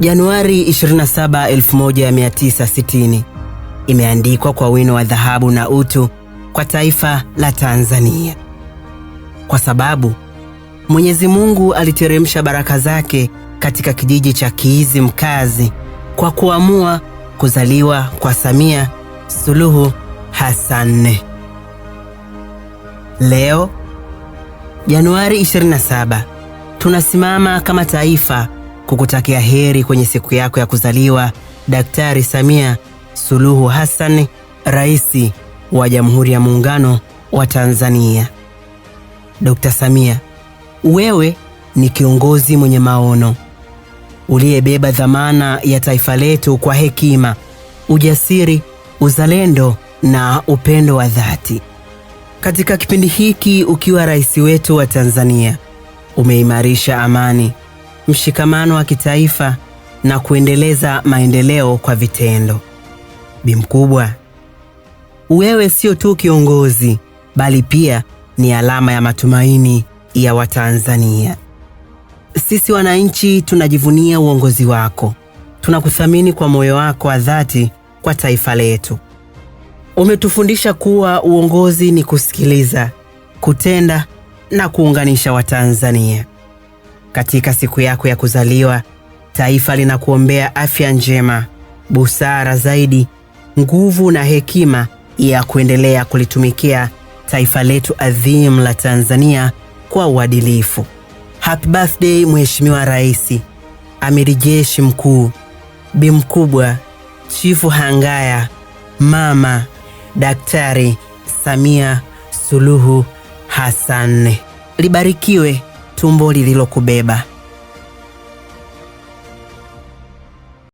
Januari 27, 1960 imeandikwa kwa wino wa dhahabu na utu kwa taifa la Tanzania, kwa sababu Mwenyezi Mungu aliteremsha baraka zake katika kijiji cha Kiizi Mkazi kwa kuamua kuzaliwa kwa Samia Suluhu Hassan. Leo Januari 27 tunasimama kama taifa kukutakia heri kwenye siku yako ya kuzaliwa Daktari Samia Suluhu Hassan, Rais wa Jamhuri ya Muungano wa Tanzania. Dkt. Samia, wewe ni kiongozi mwenye maono uliyebeba dhamana ya taifa letu kwa hekima, ujasiri, uzalendo na upendo wa dhati. Katika kipindi hiki ukiwa rais wetu wa Tanzania, umeimarisha amani, mshikamano wa kitaifa na kuendeleza maendeleo kwa vitendo. Bi Mkubwa, wewe sio tu kiongozi bali pia ni alama ya matumaini ya Watanzania. Sisi wananchi tunajivunia uongozi wako, tunakuthamini kwa moyo wako wa dhati kwa taifa letu. Umetufundisha kuwa uongozi ni kusikiliza, kutenda na kuunganisha Watanzania katika siku yako ya kuzaliwa. Taifa linakuombea afya njema, busara zaidi, nguvu na hekima ya kuendelea kulitumikia taifa letu adhimu la Tanzania kwa uadilifu. Happy birthday Mheshimiwa Rais, Amiri Jeshi Mkuu, Bi Mkubwa, Chifu Hangaya, Mama Daktari Samia Suluhu Hassan. Libarikiwe tumbo lililokubeba.